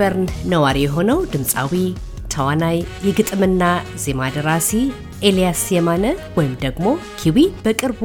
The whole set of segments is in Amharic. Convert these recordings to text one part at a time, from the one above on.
ሜልበርን ነዋሪ የሆነው ድምፃዊ ተዋናይ የግጥምና ዜማ ደራሲ ኤልያስ የማነ ወይም ደግሞ ኪዊ በቅርቡ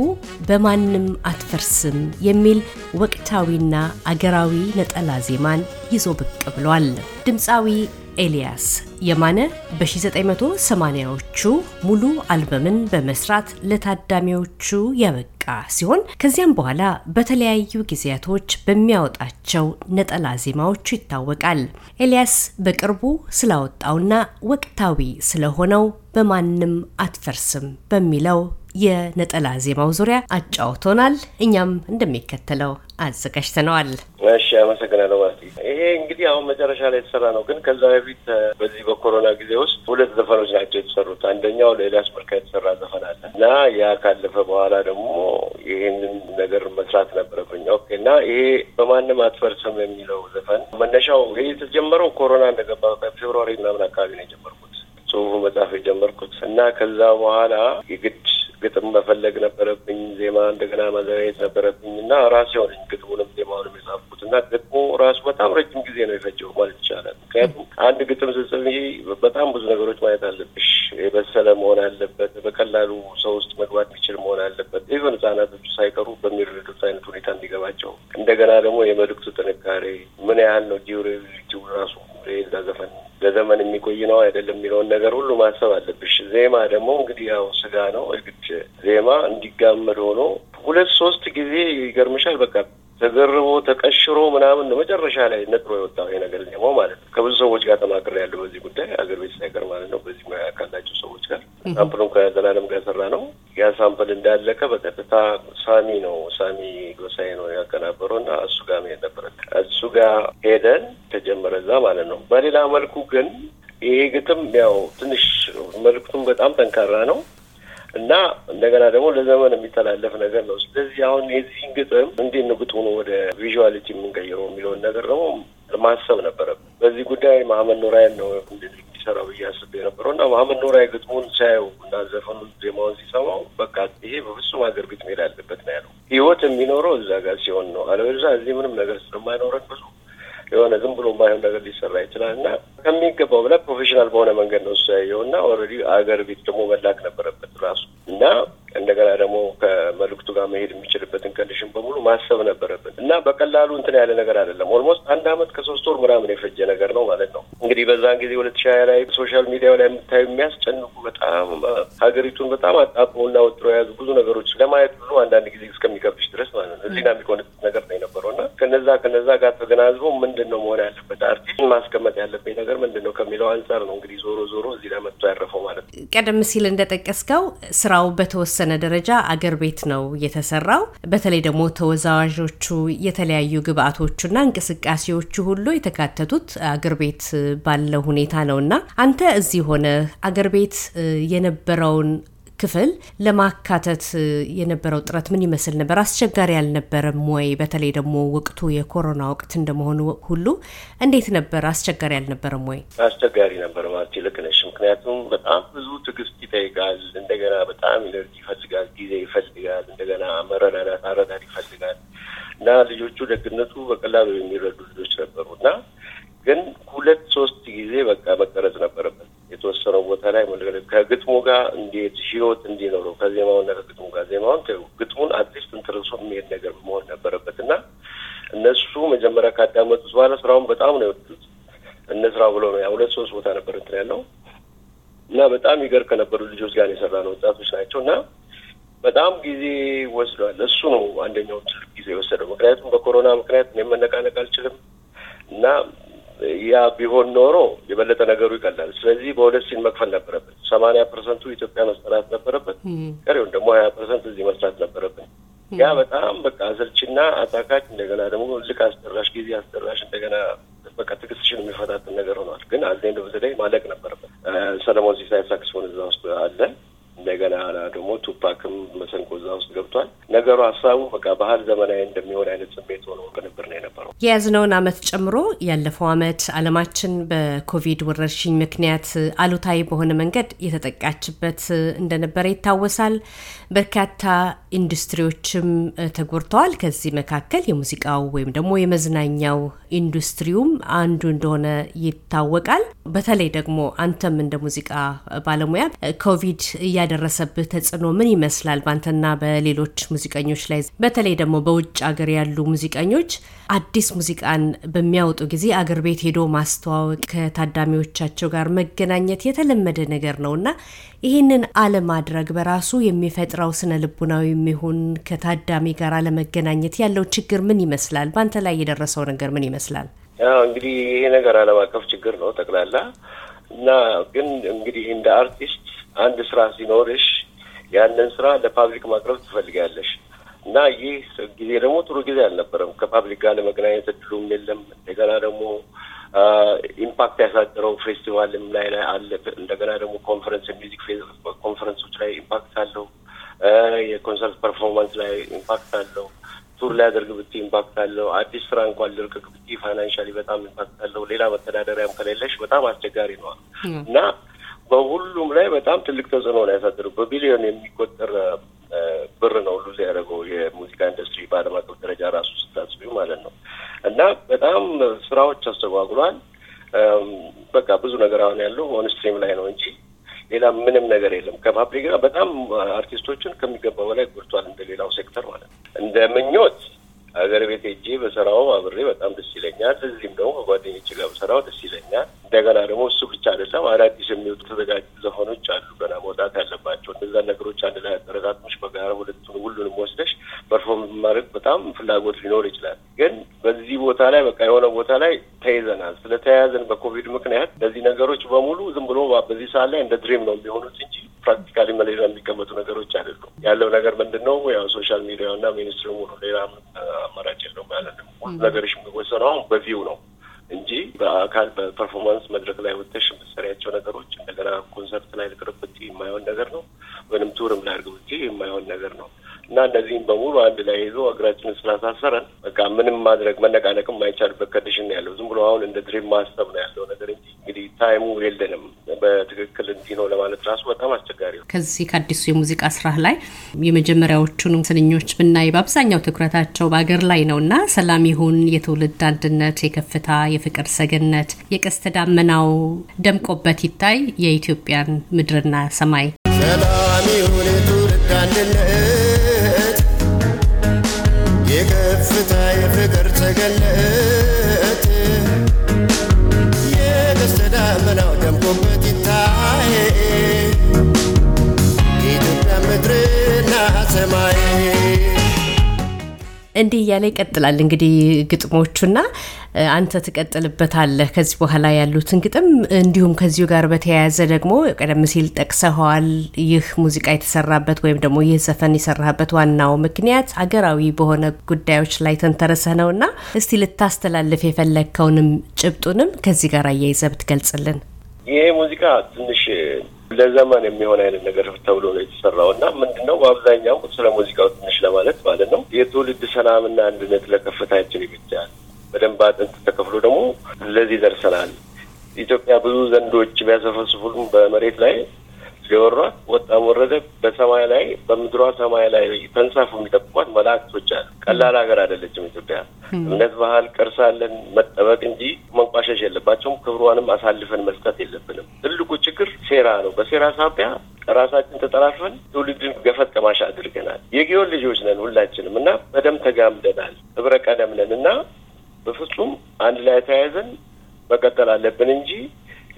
በማንም አትፈርስም የሚል ወቅታዊና አገራዊ ነጠላ ዜማን ይዞ ብቅ ብሏል። ድምፃዊ ኤልያስ የማነ በ1980ዎቹ ሙሉ አልበምን በመስራት ለታዳሚዎቹ ያበቃ ሲሆን ከዚያም በኋላ በተለያዩ ጊዜያቶች በሚያወጣቸው ነጠላ ዜማዎቹ ይታወቃል። ኤልያስ በቅርቡ ስላወጣውና ወቅታዊ ስለሆነው በማንም አትፈርስም በሚለው የነጠላ ዜማው ዙሪያ አጫውቶናል። እኛም እንደሚከተለው አዘጋጅተነዋል። እሺ፣ አመሰግናለሁ። ማለት ይሄ እንግዲህ አሁን መጨረሻ ላይ የተሰራ ነው፣ ግን ከዛ በፊት በዚህ በኮሮና ጊዜ ውስጥ ሁለት ዘፈኖች ናቸው የተሰሩት። አንደኛው ለኤልያስ መርካ የተሰራ ዘፈን አለ እና ያ ካለፈ በኋላ ደግሞ ይህንን ነገር መስራት ነበረብኝ። ኦኬ እና ይሄ በማንም አትፈርስም የሚለው ዘፈን መነሻው ይሄ የተጀመረው ኮሮና እንደገባ ፌብርዋሪ ምናምን አካባቢ ነው የጀመርኩት ጽሁፉ መጽሐፍ የጀመርኩት እና ከዛ በኋላ የግድ ግጥም መፈለግ ነበረብኝ፣ ዜማ እንደገና ማዘጋጀት ነበረብኝ እና ራሴ ሆነኝ ግጥሙንም ዜማውንም የጻፍኩት እና ግጥሙ ራሱ በጣም ረጅም ጊዜ ነው የፈጀው ማለት ይቻላል። ምክንያቱም አንድ ግጥም ስጽፍ በጣም ብዙ ነገሮች ማየት አለብሽ። የበሰለ መሆን አለበት። በቀላሉ ሰው ውስጥ መግባት የሚችል መሆን አለበት። ኢቨን ህጻናቶች ሳይቀሩ በሚረዱት አይነት ሁኔታ እንዲገባቸው እንደገና ደግሞ የመልእክቱ ጥንካሬ ምን ያህል ነው ዲዩሬቢሊቲው ራሱ የዛ ዘፈን ለዘመን የሚቆይ ነው አይደለም የሚለውን ነገር ሁሉ ማሰብ አለብሽ። ዜማ ደግሞ እንግዲህ ያው ስጋ ነው። እግድ ዜማ እንዲጋመድ ሆኖ ሁለት ሶስት ጊዜ ይገርምሻል በቃ ተገርቦ ተቀሽሮ ምናምን ነው መጨረሻ ላይ ነጥሮ የወጣው ይሄ ነገር ዜማው ማለት ነው። ከብዙ ሰዎች ጋር ተማክሬ ያለው በዚህ ጉዳይ አገር ቤት ሳይቀር ማለት ነው። በዚህ ሙያ ካላቸው ሰዎች ጋር ሳምፕሉን ከዘላለም ጋር ሰራ ነው። ያ ሳምፕል እንዳለቀ በቀጥታ ሳሚ ነው ሳሚ ጎሳዬ ነው ያቀናበረው እና እሱ ጋር መሄድ ነበረ። እሱ ጋር ሄደን ተጀመረ እዛ ማለት ነው። በሌላ መልኩ ግን ይሄ ግጥም ያው ትንሽ መልክቱም በጣም ጠንካራ ነው። እና እንደገና ደግሞ ለዘመን የሚተላለፍ ነገር ነው። ስለዚህ አሁን የዚህን ግጥም እንዴት ነው ግጥሙን ወደ ቪዥዋሊቲ የምንቀይረው የሚለውን ነገር ደግሞ ማሰብ ነበረብን። በዚህ ጉዳይ መሀመድ ኑራይን ነው የሚሰራው ብዬ አስቤ የነበረው እና መሀመድ ኑራይ ግጥሙን ሲያየው እና ዘፈኑን ዜማውን ሲሰማው በቃ ይሄ በፍጹም ሀገር ግጥም ሄዳለበት ነው ያለው። ህይወት የሚኖረው እዛ ጋር ሲሆን ነው። አለበለዚያ እዚህ ምንም ነገር ስለማይኖረን ብዙ የሆነ ዝም ብሎ የማይሆን ነገር ሊሰራ ይችላል እና ከሚገባው በላይ ፕሮፌሽናል በሆነ መንገድ ነው እሱ እና ኦልሬዲ አገር ቤት ደግሞ መላክ ነበረበት ራሱ እና እንደገና ደግሞ ከመልእክቱ ጋር መሄድ የሚችልበትን ከንዲሽን በሙሉ ማሰብ ነበረብን እና በቀላሉ እንትን ያለ ነገር አይደለም። ኦልሞስት አንድ አመት ከሶስት ወር ምናምን የፈጀ ነገር ነው ማለት ነው። እንግዲህ በዛን ጊዜ ሁለት ሺ ሀያ ላይ ሶሻል ሚዲያው ላይ የምታዩ የሚያስጨንቁ በጣም ሀገሪቱን በጣም እና ወጥሮ የያዙ ብዙ ነገሮች ለማየት ሁሉ አንዳንድ ጊዜ እስከሚከብድሽ ድረስ ማለት ነው እዚህና የሚቆንጥ ነገር ነው የነበረው እና ከነዛ ከነዛ ጋር ተገናዝቦ ምንድን ነው መሆን ያለበት አርቲስት ማስቀመጥ ያለበት ነገር ምንድን ነው ከሚለው አንጻር ነው እንግዲህ ዞሮ ዞሮ እዚህ ላይ መጥቶ ያረፈው ማለት ነው። ቀደም ሲል እንደጠቀስከው ስራው በተወሰነ በተወሰነ ደረጃ አገር ቤት ነው የተሰራው። በተለይ ደግሞ ተወዛዋዦቹ የተለያዩ ግብአቶቹና እንቅስቃሴዎቹ ሁሉ የተካተቱት አገር ቤት ባለው ሁኔታ ነው እና አንተ እዚህ ሆነ አገር ቤት የነበረውን ክፍል ለማካተት የነበረው ጥረት ምን ይመስል ነበር? አስቸጋሪ አልነበረም ወይ? በተለይ ደግሞ ወቅቱ የኮሮና ወቅት እንደመሆኑ ሁሉ እንዴት ነበር? አስቸጋሪ አልነበረም ወይ? አስቸጋሪ ነበር ማለት ይልቅ ነ ምክንያቱም በጣም ብዙ ትዕግስት ይጠይቃል። እንደገና በጣም ኢነርጂ ይፈልጋል፣ ጊዜ ይፈልጋል፣ እንደገና መረዳዳት አረዳድ ይፈልጋል እና ልጆቹ ደግነቱ በቀላሉ የሚረዱ ልጆች ነበሩ እና ግን ሁለት ሶስት ጊዜ በቃ መቀረጽ ነበረበት የተወሰነው ቦታ ላይ ከግጥሙ ጋር እንዴት ህይወት እንዲኖረው ከዜማውና ከግጥሙ ጋር ዜማውን ግጥሙን አትሊስት እንትርሶ የሚሄድ ነገር መሆን ነበረበት እና እነሱ መጀመሪያ ካዳመጡት በኋላ ስራውን በጣም ነው የወዱት። እነ ስራው ብሎ ነው ያ ሁለት ሶስት ቦታ ነበር እንትን ያለው እና በጣም ይገር ከነበሩ ልጆች ጋር የሰራ ነው ወጣቶች ናቸው እና በጣም ጊዜ ወስዷል። እሱ ነው አንደኛው ትልቅ ጊዜ የወሰደው። ምክንያቱም በኮሮና ምክንያት እኔም መነቃነቅ አልችልም እና ያ ቢሆን ኖሮ የበለጠ ነገሩ ይቀላል። ስለዚህ በሁለት ሲን መክፈል ነበረብን። ሰማንያ ፐርሰንቱ ኢትዮጵያ መስራት ነበረበት፣ ቀሪውን ደግሞ ሀያ ፐርሰንት እዚህ መስራት ነበረብን። ያ በጣም በቃ አሰልችና አታካች እንደገና ደግሞ ልክ አስጠራሽ ጊዜ አስጠራሽ እንደገና በቃ ትግስትሽን የሚፈታትን ነገር ሆኗል። ግን አንዴ በተለይ ማለቅ ነበረበት። ሰለሞን ሲሳይ ሳክስፎን እዛ ውስጥ አለ እንደገና ደግሞ ቱፓክም መሰንቆ ውስጥ ገብቷል። ነገሩ ሀሳቡ በቃ ባህል ዘመናዊ እንደሚሆን አይነት ስሜት ሆኖ ቅንብር ነው የነበረው። የያዝነውን አመት ጨምሮ ያለፈው አመት አለማችን በኮቪድ ወረርሽኝ ምክንያት አሉታዊ በሆነ መንገድ የተጠቃችበት እንደነበረ ይታወሳል። በርካታ ኢንዱስትሪዎችም ተጎድተዋል። ከዚህ መካከል የሙዚቃው ወይም ደግሞ የመዝናኛው ኢንዱስትሪውም አንዱ እንደሆነ ይታወቃል። በተለይ ደግሞ አንተም እንደ ሙዚቃ ባለሙያ ኮቪድ እያደ ያደረሰብህ ተጽዕኖ ምን ይመስላል? ባንተና በሌሎች ሙዚቀኞች ላይ በተለይ ደግሞ በውጭ አገር ያሉ ሙዚቀኞች አዲስ ሙዚቃን በሚያወጡ ጊዜ አገር ቤት ሄዶ ማስተዋወቅ፣ ከታዳሚዎቻቸው ጋር መገናኘት የተለመደ ነገር ነው እና ይህንን አለማድረግ በራሱ የሚፈጥረው ስነ ልቡናዊ የሚሆን ከታዳሚ ጋር አለመገናኘት ያለው ችግር ምን ይመስላል? ባንተ ላይ የደረሰው ነገር ምን ይመስላል? እንግዲህ ይሄ ነገር አለም አቀፍ ችግር ነው ጠቅላላ እና ግን እንግዲህ እንደ አርቲስት አንድ ስራ ሲኖርሽ ያንን ስራ ለፓብሊክ ማቅረብ ትፈልጋለሽ እና ይህ ጊዜ ደግሞ ጥሩ ጊዜ አልነበረም። ከፓብሊክ ጋር ለመገናኘት እድሉም የለም። እንደገና ደግሞ ኢምፓክት ያሳደረው ፌስቲቫልም ላይ ላይ አለ። እንደገና ደግሞ ኮንፈረንስ የሚዚክ ኮንፈረንሶች ላይ ኢምፓክት አለው። የኮንሰርት ፐርፎርማንስ ላይ ኢምፓክት አለው። ቱር ላይ አደርግ ብት ኢምፓክት አለው። አዲስ ስራ እንኳን ልርቅቅ ብት ፋይናንሻሊ በጣም ኢምፓክት አለው። ሌላ መተዳደሪያም ከሌለሽ በጣም አስቸጋሪ ነዋል እና በሁሉም ላይ በጣም ትልቅ ተጽዕኖ ነው ያሳደረው። በቢሊዮን የሚቆጠር ብር ነው ሉዝ ያደረገው የሙዚቃ ኢንዱስትሪ በዓለም አቀፍ ደረጃ ራሱ ስታስቢው ማለት ነው። እና በጣም ስራዎች አስተጓጉሏል። በቃ ብዙ ነገር አሁን ያለው ኦን ስትሪም ላይ ነው እንጂ ሌላ ምንም ነገር የለም። ከፓብሊክ ጋር በጣም አርቲስቶችን ከሚገባ በላይ ጎድቷል፣ እንደሌላው ሴክተር ማለት ነው እንደ ምኞት ሀገር ቤት እጂ በስራው አብሬ በጣም ደስ ይለኛል። እዚህም ደግሞ ከጓደኞች ጋር በስራው ደስ ይለኛል። እንደገና ደግሞ እሱ ብቻ አይደለም፣ አዳዲስ የሚወጡ ተዘጋጅ ዘፈኖች አሉ ገና መውጣት ያለባቸው። እነዛ ነገሮች አንድ ላይ አጠረቃቅመሽ በጋራ ሁለቱን ሁሉንም ወስደሽ ፐርፎርም ማድረግ በጣም ፍላጎት ሊኖር ይችላል። ግን በዚህ ቦታ ላይ በቃ የሆነ ቦታ ላይ ተይዘናል። ስለተያያዘን በኮቪድ ምክንያት እነዚህ ነገሮች በሙሉ ዝም ብሎ በዚህ ሰዓት ላይ እንደ ድሪም ነው የሚሆኑት እንጂ ፕራክቲካሊ መሌላ የሚቀመጡ ነገሮች አይደሉም። ያለው ነገር ምንድን ነው? ያው ሶሻል ሚዲያውና ሚኒስትሩ ሌላ ሁሉ ነገሮች የሚወሰነው አሁን በቪው ነው እንጂ በአካል በፐርፎርማንስ መድረክ ላይ ወተሽ የምትሰሪያቸው ነገሮች እንደገና ኮንሰርት ላይ ልቅርብት የማይሆን ነገር ነው፣ ወይንም ቱርም ላይ የማይሆን ነገር ነው እና እንደዚህም በሙሉ አንድ ላይ ይዞ እግራችንን ስላሳሰረን በቃ ምንም ማድረግ መነቃነቅም ማይቻልበት ከድሽን ያለው ዝም ብሎ አሁን እንደ ድሪም ማሰብ ነው ያለው ነገር እንጂ እንግዲህ ታይሙ የለንም። በትክክል እንዲህ ነው ለማለት ራሱ በጣም አስቸጋሪ ነው። ከዚህ ከአዲሱ የሙዚቃ ስራህ ላይ የመጀመሪያዎቹን ስንኞች ብናይ በአብዛኛው ትኩረታቸው በአገር ላይ ነው እና ሰላም ይሁን፣ የትውልድ አንድነት፣ የከፍታ የፍቅር ሰገነት፣ የቀስተ ዳመናው ደምቆበት ይታይ የኢትዮጵያን ምድርና ሰማይ ሰላም ይሁን የትውልድ አንድነት እንዲህ እያለ ይቀጥላል እንግዲህ ግጥሞቹና አንተ ትቀጥልበታለህ ከዚህ በኋላ ያሉትን ግጥም። እንዲሁም ከዚሁ ጋር በተያያዘ ደግሞ ቀደም ሲል ጠቅሰኸዋል። ይህ ሙዚቃ የተሰራበት ወይም ደግሞ ይህ ዘፈን የሰራበት ዋናው ምክንያት ሀገራዊ በሆነ ጉዳዮች ላይ ተንተረሰ ነውና እስቲ ልታስተላልፍ የፈለግከውንም ጭብጡንም ከዚህ ጋር አያይዘ ብትገልጽልን። ይሄ ሙዚቃ ትንሽ ለዘመን የሚሆን አይነት ነገር ተብሎ ነው የተሰራው እና ምንድነው በአብዛኛው ስለ ሙዚቃው ትንሽ ለማለት ማለት ነው። የትውልድ ሰላምና አንድነት ለከፍታችን ይበጃል። በደንብ አጥንት ተከፍሎ ደግሞ ለዚህ ደርሰናል። ኢትዮጵያ ብዙ ዘንዶች ቢያሰፈስፉም በመሬት ላይ ስለወሯት ወጣም ወረደ በሰማይ ላይ በምድሯ ሰማይ ላይ ተንሳፉ የሚጠብቋት መላእክቶች አሉ። ቀላል ሀገር አይደለችም ኢትዮጵያ። እምነት፣ ባህል፣ ቅርስ አለን መጠበቅ እንጂ መንቋሸሽ የለባቸውም። ክብሯንም አሳልፈን መስጠት የለብንም። ትልቁ ችግር ሴራ ነው። በሴራ ሳቢያ ራሳችን ተጠራፍን ትውልድን ገፈት ቀማሽ አድርግ የጊዮን ልጆች ነን ሁላችንም እና በደም ተጋምደናል፣ ህብረ ቀደም ነን እና በፍጹም አንድ ላይ ተያይዘን መቀጠል አለብን እንጂ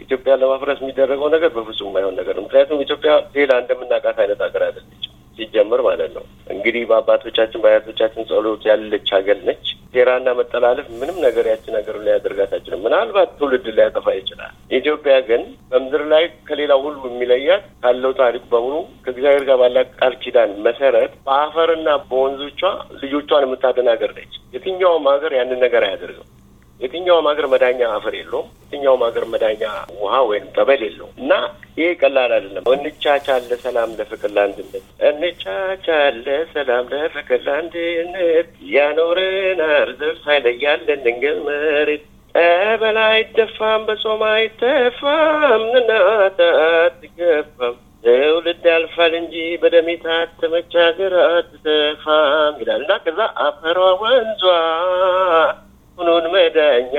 ኢትዮጵያ ለማፍረስ የሚደረገው ነገር በፍጹም አይሆን ነገር ነው። ምክንያቱም ኢትዮጵያ ሌላ እንደምናውቃት አይነት ሀገር አይደለችም ሲጀምር ማለት ነው። እንግዲህ በአባቶቻችን በአያቶቻችን ጸሎት ያለች ሀገር ነች። ሴራና መጠላለፍ ምንም ነገር ያች ነገር ሊያደርጋት አይችልም። ምናልባት ትውልድ ሊያጠፋ ይችላል። ኢትዮጵያ ግን በምድር ላይ ከሌላ ሁሉ የሚለያት ካለው ታሪክ በሙሉ ከእግዚአብሔር ጋር ባላት ቃል ኪዳን መሰረት በአፈርና በወንዞቿ ልጆቿን የምታደን ሀገር ነች። የትኛውም ሀገር ያንን ነገር አያደርገው የትኛውም ሀገር መዳኛ አፈር የለውም። የትኛውም ሀገር መዳኛ ውሃ ወይም ጠበል የለውም እና ይህ ቀላል አይደለም። እንቻቻለ ሰላም ለፍቅር ለአንድነት፣ እንቻቻል ለሰላም ለፍቅር ለአንድነት ያኖረናል ዘር ሳይለያለን ድንግል መሬት ጠበል አይደፋም በጾም አይተፋም ንናት አትገፋም ትውልድ ያልፋል እንጂ በደም የታተመች ሀገር አትተፋም ይላል እና ከዛ አፈሯ ወንዟ ሁኑን መዳኛ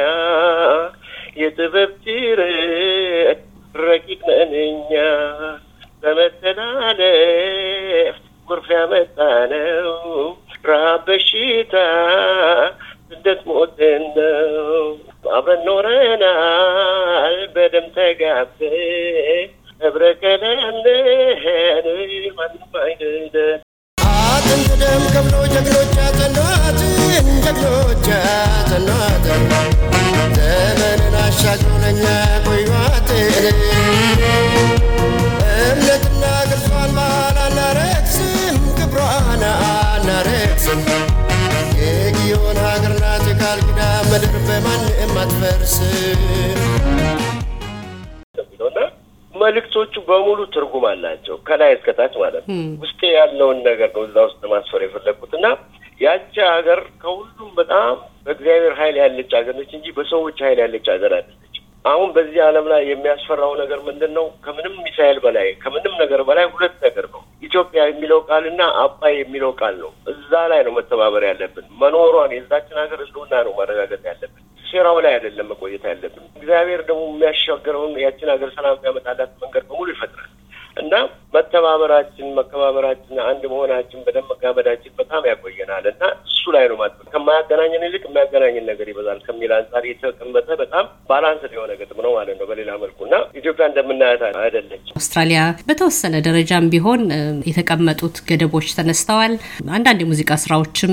የጥበብ ጅረት ረቂቅ ነንኛ በመተላለፍ ጎርፍ ያመጣነው ረሃብ፣ በሽታ፣ ስደት፣ ሞትን ነው። አብረን ኖረናል በደም ተጋብተን ህብረ ቀለምነን ማንም አይንደን አጥንት ደም ከብሎ ናት ዘመንን አሻግሮነኛ ቆዩት እምነትና ቅርሷን ባህል አናረክስም ክብሯን አናረክስም የጊዮን ሀገር ናት የቃል ኪዳን ምድር በማንም አትፈርስም። መልእክቶቹ በሙሉ ትርጉም አላቸው፣ ከላይ እስከታች ማለት ነው። hmm. ውስጤ ያለውን ነገር ነው እዛ ውስጥ ማስፈር የፈለግኩት እና ያቺ ሀገር ከሁሉም በጣም በእግዚአብሔር ኃይል ያለች ሀገር ነች እንጂ በሰዎች ኃይል ያለች ሀገር አይደለች። አሁን በዚህ ዓለም ላይ የሚያስፈራው ነገር ምንድን ነው? ከምንም ሚሳኤል በላይ ከምንም ነገር በላይ ሁለት ነገር ነው። ኢትዮጵያ የሚለው ቃል እና አባይ የሚለው ቃል ነው። እዛ ላይ ነው መተባበር ያለብን። መኖሯን የዛችን ሀገር ህልውና ነው ማረጋገጥ ያለብን። ሴራው ላይ አይደለም መቆየት ያለብን። እግዚአብሔር ደግሞ የሚያሻገረውን ያችን ሀገር ሰላም ያመጣላት መንገድ ነገር ይበዛል ከሚል አንጻር የተቀመጠ በጣም ባላንስ የሆነ ግጥም ነው ማለት ነው። በሌላ መልኩ እና ኢትዮጵያ እንደምናያት አይደለች። አውስትራሊያ በተወሰነ ደረጃም ቢሆን የተቀመጡት ገደቦች ተነስተዋል። አንዳንድ የሙዚቃ ስራዎችም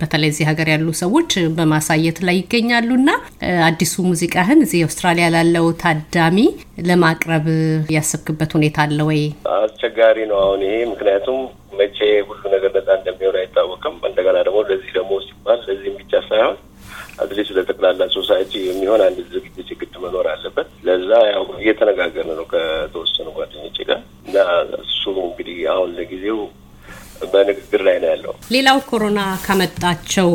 በተለይ እዚህ ሀገር ያሉ ሰዎች በማሳየት ላይ ይገኛሉ እና አዲሱ ሙዚቃህን እዚህ አውስትራሊያ ላለው ታዳሚ ለማቅረብ ያሰብክበት ሁኔታ አለ ወይ? አስቸጋሪ ነው አሁን ይሄ ምክንያቱም መቼ ሁሉ ነገር ነጻ እንደሚሆን አይታወቅም። እንደገና ደግሞ ለዚህ ደግሞ ሲባል ለዚህም ብቻ ሳይሆን አትሊስት ለጠቅላላ ሶሳይቲ የሚሆን አንድ ዝግጅት የግድ መኖር አለበት። ለዛ ያው እየተነጋገርን ነው ከተወሰኑ ጓደኞች ጋር እና እሱ እንግዲህ አሁን ለጊዜው በንግግር ላይ ነው ያለው። ሌላው ኮሮና ካመጣቸው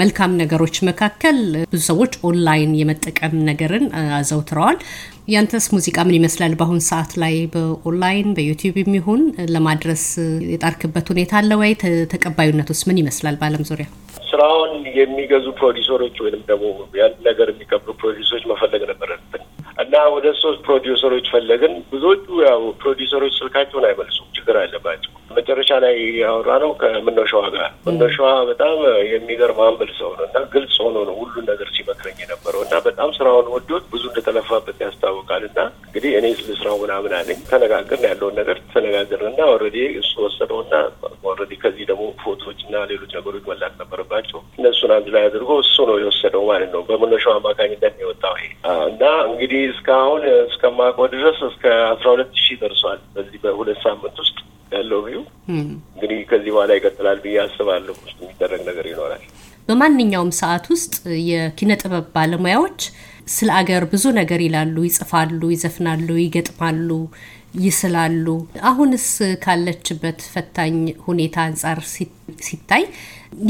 መልካም ነገሮች መካከል ብዙ ሰዎች ኦንላይን የመጠቀም ነገርን አዘውትረዋል። ያንተስ ሙዚቃ ምን ይመስላል? በአሁን ሰዓት ላይ በኦንላይን በዩቲዩብ የሚሆን ለማድረስ የጣርክበት ሁኔታ አለ ወይ? ውስጥ ምን ይመስላል በዓለም ዙሪያ? ስራውን የሚገዙ ፕሮዲውሰሮች ወይም ደግሞ ያን ነገር የሚቀብሩ ፕሮዲሰሮች መፈለግ ነበረብን እና ወደ ሶስት ፕሮዲውሰሮች ፈለግን። ብዙዎቹ ያው ፕሮዲሰሮች ስልካቸውን አይመልሱም፣ ችግር አለባቸው። መጨረሻ ላይ ያወራ ነው ከምነሻዋ ጋር። ምነሻዋ በጣም የሚገርም አንብል ሰው ነው እና ግልጽ ሆኖ ነው ሁሉን ነገር ሲመክረኝ የነበረው እና በጣም ስራውን ወዶት ብዙ እንደተለፋበት ያስታውቃል። እና እንግዲህ እኔ ስለ ስራው ምናምን አለኝ ተነጋግርን፣ ያለውን ነገር ተነጋግርን እና ኦልሬዲ እሱ ወሰደውና ኦልሬዲ ከዚህ ደግሞ ፎቶዎች እና ሌሎች ነገሮች መላክ ነበረባቸው። እነሱን አንድ ላይ አድርጎ እሱ ነው የወሰደው ማለት ነው። በመነሻው አማካኝነት የወጣው ይሄ እና እንግዲህ እስካሁን እስከማውቀው ድረስ እስከ አስራ ሁለት ሺህ ደርሷል በዚህ በሁለት ሳምንት ውስጥ ያለው ቪው። እንግዲህ ከዚህ በኋላ ይቀጥላል ብዬ አስባለሁ። ውስጥ የሚደረግ ነገር ይኖራል። በማንኛውም ሰዓት ውስጥ የኪነ ጥበብ ባለሙያዎች ስለ አገር ብዙ ነገር ይላሉ፣ ይጽፋሉ፣ ይዘፍናሉ፣ ይገጥማሉ ይስላሉ። አሁንስ ካለችበት ፈታኝ ሁኔታ አንጻር ሲታይ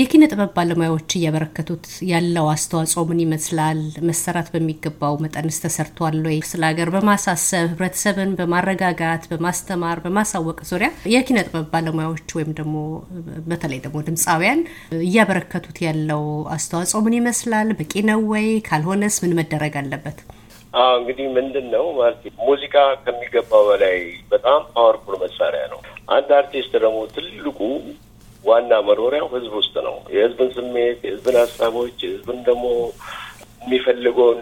የኪነ ጥበብ ባለሙያዎች እያበረከቱት ያለው አስተዋጽኦ ምን ይመስላል? መሰራት በሚገባው መጠንስ ተሰርቷል ወይ? ስለ ሀገር በማሳሰብ ህብረተሰብን በማረጋጋት በማስተማር በማሳወቅ ዙሪያ የኪነ ጥበብ ባለሙያዎች ወይም ደግሞ በተለይ ደግሞ ድምፃውያን እያበረከቱት ያለው አስተዋጽኦ ምን ይመስላል? በቂ ነው ወይ? ካልሆነስ ምን መደረግ አለበት? እንግዲህ ምንድን ነው ማለት ሙዚቃ ከሚገባው በላይ በጣም ፓወርፉል መሳሪያ ነው። አንድ አርቲስት ደግሞ ትልቁ ዋና መኖሪያው ህዝብ ውስጥ ነው። የህዝብን ስሜት፣ የህዝብን ሀሳቦች፣ የህዝብን ደግሞ የሚፈልገውን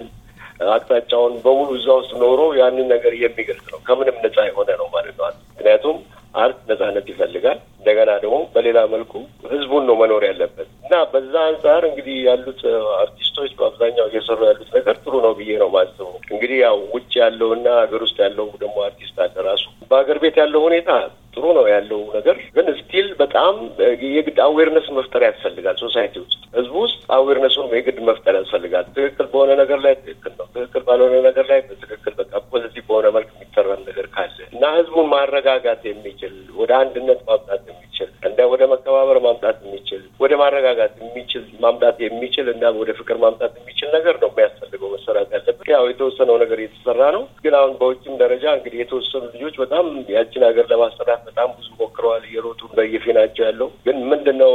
አቅጣጫውን በሙሉ እዛ ውስጥ ኖሮ ያንን ነገር የሚገልጽ ነው። ከምንም ነጻ የሆነ ነው ማለት ነው። ምክንያቱም አርት ነጻነት ይፈልጋል። እንደገና ደግሞ በሌላ መልኩ ህዝቡን ነው መኖር ያለበት እና በዛ አንጻር እንግዲህ ያሉት አርቲስቶች በአብዛኛው እየሰሩ ያሉት ነገር ጥሩ ነው ብዬ ነው ማስቡ። እንግዲህ ያው ውጭ ያለውና ሀገር ውስጥ ያለው ደግሞ አርቲስት አለ ራሱ። በሀገር ቤት ያለው ሁኔታ ጥሩ ነው ያለው ነገር፣ ግን ስቲል በጣም የግድ አዌርነስ መፍጠር ያስፈልጋል። ሶሳይቲ ውስጥ ህዝቡ ውስጥ አዌርነሱን የግድ መፍጠር ያስፈልጋል። ትክክል በሆነ ነገር ላይ ትክክል ነው፣ ትክክል ባልሆነ ነገር ላይ በትክክል በቃ ፖዚቲቭ በሆነ መልክ የሚሰራ ነገር ካለ እና ህዝቡን ማረጋጋት የሚችል ወደ አንድነት ማምጣት ማምጣት የሚችል ወደ ማረጋጋት የሚችል ማምጣት የሚችል እና ወደ ፍቅር ማምጣት የሚችል ነገር ነው የሚያስፈልገው መሰራት ያለበት። ያው የተወሰነው ነገር የተሰራ ነው፣ ግን አሁን በውጭም ደረጃ እንግዲህ የተወሰኑ ልጆች በጣም ያችን ሀገር ለማሰራት በጣም ብዙ ሞክረዋል፣ እየሮጡ በየፊናቸው ያለው ግን ምንድን ነው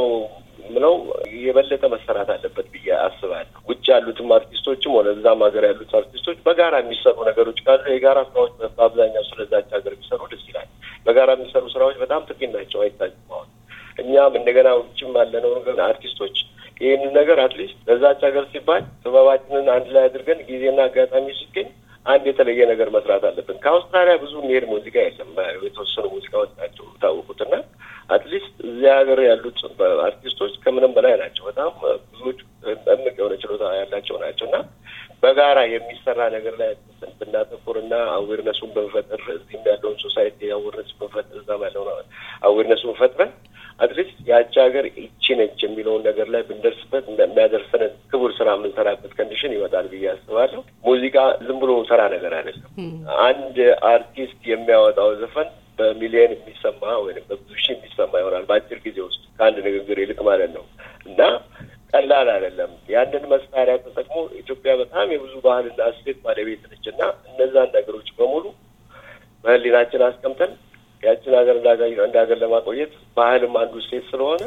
ምለው የበለጠ መሰራት አለበት ብዬ አስባለሁ። ውጭ ያሉትም አርቲስቶችም ሆነ እዛም ሀገር ያሉት አርቲስቶች በጋራ የሚሰሩ ነገሮች ካሉ የጋራ ስራዎች በአብዛኛው ስለዛች ሀገር የሚሰሩ ደስ ይላል። በጋራ የሚሰሩ ስራዎች በጣም ጥቂት ናቸው አይታቸው እንደገና ውጭም ያለነው አርቲስቶች ይህን ነገር አትሊስት ለዛች ሀገር ሲባል ጥበባችንን አንድ ላይ አድርገን ጊዜና አጋጣሚ ሲገኝ አንድ የተለየ ነገር መስራት አለብን። ከአውስትራሊያ ብዙ የሚሄድ ሙዚቃ የለም። የተወሰኑ ሙዚቃዎች ናቸው የምታወቁትና አትሊስት እዚያ ሀገር ያሉት አርቲስቶች ከምንም በላይ ናቸው። በጣም ብዙዎች እምቅ የሆነ ችሎታ ያላቸው ናቸው እና በጋራ የሚሰራ ነገር ላይ ብናተኩር እና አዌርነሱን በመፈጠር እዚህም ያለውን ሶሳይቲ አዌርነስ በመፈጠር እዛም ያለውን አዌርነሱን ፈጥረን በአጭር ጊዜ ውስጥ ከአንድ ንግግር ይልቅ ማለት ነው እና ቀላል አይደለም። ያንን መሳሪያ ተጠቅሞ ኢትዮጵያ በጣም የብዙ ባህልና እሴት ባለቤት ነች እና እነዛን ነገሮች በሙሉ በሕሊናችን አስቀምጠን ያችን ሀገር እንደ ሀገር ለማቆየት ባህልም አንዱ እሴት ስለሆነ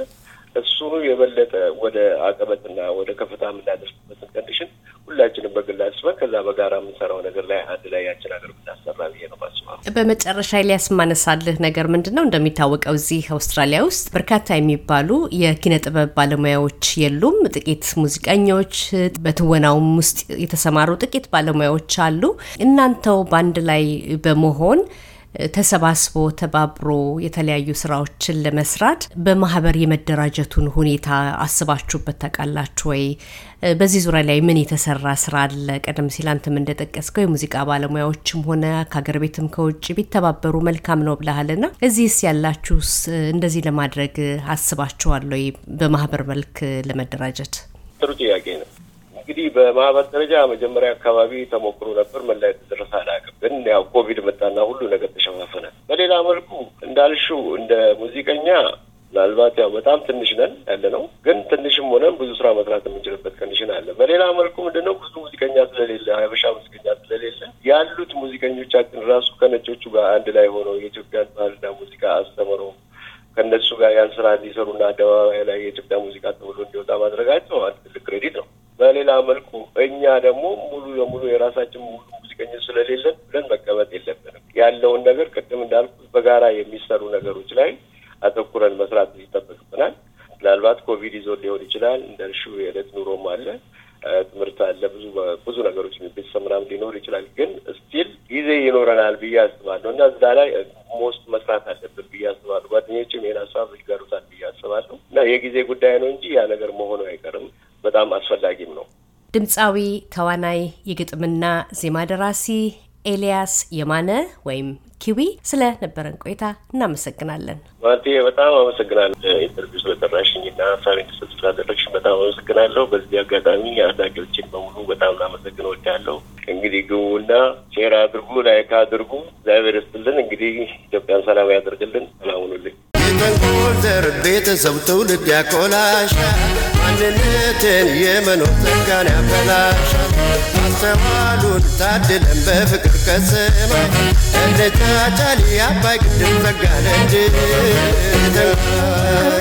እሱኑ የበለጠ ወደ አቀበትና ወደ ከፍታ የምናደርስበትን ኮንዲሽን ሁላችንም በግል አስበን ከዛ በጋራ የምንሰራው ነገር ላይ አንድ ላይ ያችን ሀገር ብናሰራ ብዬ ነው። በመጨረሻ ኤልያስ ማነሳልህ ነገር ምንድን ነው? እንደሚታወቀው እዚህ አውስትራሊያ ውስጥ በርካታ የሚባሉ የኪነ ጥበብ ባለሙያዎች የሉም። ጥቂት ሙዚቀኞች፣ በትወናውም ውስጥ የተሰማሩ ጥቂት ባለሙያዎች አሉ። እናንተው በአንድ ላይ በመሆን ተሰባስቦ ተባብሮ የተለያዩ ስራዎችን ለመስራት በማህበር የመደራጀቱን ሁኔታ አስባችሁበት ታውቃላችሁ ወይ? በዚህ ዙሪያ ላይ ምን የተሰራ ስራ አለ? ቀደም ሲል አንተም እንደጠቀስከው የሙዚቃ ባለሙያዎችም ሆነ ከሀገር ቤትም ከውጭ ቢተባበሩ መልካም ነው ብለሃልና እዚህስ ያላችሁስ እንደዚህ ለማድረግ አስባችኋል ወይ? በማህበር መልክ ለመደራጀት ጥሩ ጥያቄ ነው። እንግዲህ በማህበር ደረጃ መጀመሪያ አካባቢ ተሞክሮ ነበር። መላ ተደረሰ አላውቅም፣ ግን ያው ኮቪድ መጣና ሁሉ ነገር ተሸፋፈነ። በሌላ መልኩ እንዳልሽው እንደ ሙዚቀኛ ምናልባት ያው በጣም ትንሽ ነን ያለ ነው፣ ግን ትንሽም ሆነን ብዙ ስራ መስራት የምንችልበት ኮንዲሽን አለ። በሌላ መልኩ ምንድነው ብዙ ሙዚቀኛ ስለሌለ ሀበሻ ሙዚቀኛ ስለሌለ ያሉት ሙዚቀኞቻችን ራሱ ከነጮቹ ጋር አንድ ላይ ሆነው የኢትዮጵያን ባህልና ሙዚቃ አስተምረው ከነሱ ጋር ያን ስራ እንዲሰሩና አደባባይ ላይ የኢትዮጵያ ሙዚቃ ተብሎ እንዲወጣ ማድረጋቸው አንድ ትልቅ ክሬዲት ነው። በሌላ መልኩ እኛ ደግሞ ሙሉ ለሙሉ የራሳችን ሙሉ ሙዚቀኞች ስለሌለን ብለን መቀመጥ የለብንም። ያለውን ነገር ቅድም እንዳልኩት በጋራ የሚሰሩ ነገሮች ላይ አተኩረን መስራት ይጠበቅብናል። ምናልባት ኮቪድ ይዞ ሊሆን ይችላል። እንደ እርሹ የዕለት ኑሮም አለ፣ ትምህርት አለ፣ ብዙ ብዙ ነገሮች ቤተሰብ ምናምን ሊኖር ይችላል። ግን ስቲል ጊዜ ይኖረናል ብዬ አስባለሁ እና እዛ ላይ ሞስት መስራት አለብን ብዬ አስባለሁ። ጓደኞችም ይህን ሀሳብ ይገሩታል ብዬ አስባለሁ እና የጊዜ ጉዳይ ነው እንጂ ያ ነገር መሆኑ አይቀርም። በጣም አስፈላጊም ነው። ድምፃዊ ተዋናይ፣ የግጥምና ዜማ ደራሲ ኤልያስ የማነ ወይም ኪዊ ስለነበረን ቆይታ እናመሰግናለን። ማለቴ በጣም አመሰግናለሁ። ኢንተርቪው ስለጠራሽኝና ሀሳቤን ተሰጥ ስላደረግሽ በጣም አመሰግናለሁ። በዚህ አጋጣሚ አድናቂዎችን በሙሉ በጣም ላመሰግን እወዳለሁ። እንግዲህ ግቡና ሼር አድርጉ፣ ላይክ አድርጉ። እግዚአብሔር ይስጥልን። እንግዲህ ኢትዮጵያን ሰላም ያደርግልን። ሰላም ሁኑልኝ። ቤተሰብ ትውልድ ያቆላሽ ማንነትን የመኖር ጸጋን ያፈላሻል። አስተዋሉን ታድለን በፍቅር ከሰማይ እንጫጫል አባይ ግድብ ጸጋ ነድ ተንጋይ